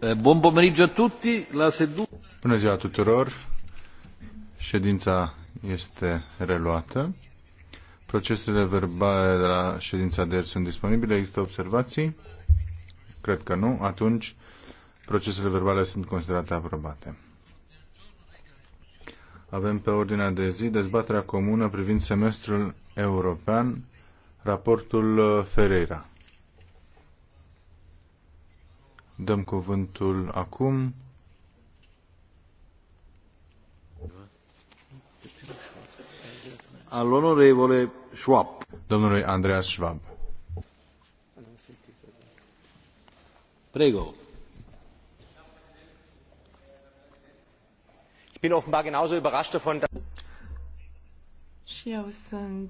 Eh, buon pomeriggio a tutti, la seduta... Bună ziua tuturor, ședința este reluată. Procesele verbale de la ședința de ieri sunt disponibile, există observații? Cred că nu, atunci procesele verbale sunt considerate aprobate. Avem pe ordinea de zi dezbaterea comună privind semestrul european raportul uh, Ferreira. Dăm cuvântul acum al onorevole Schwab. Domnului Andreas Schwab. Prego. Ich bin offenbar genauso überrascht davon, dass și eu sunt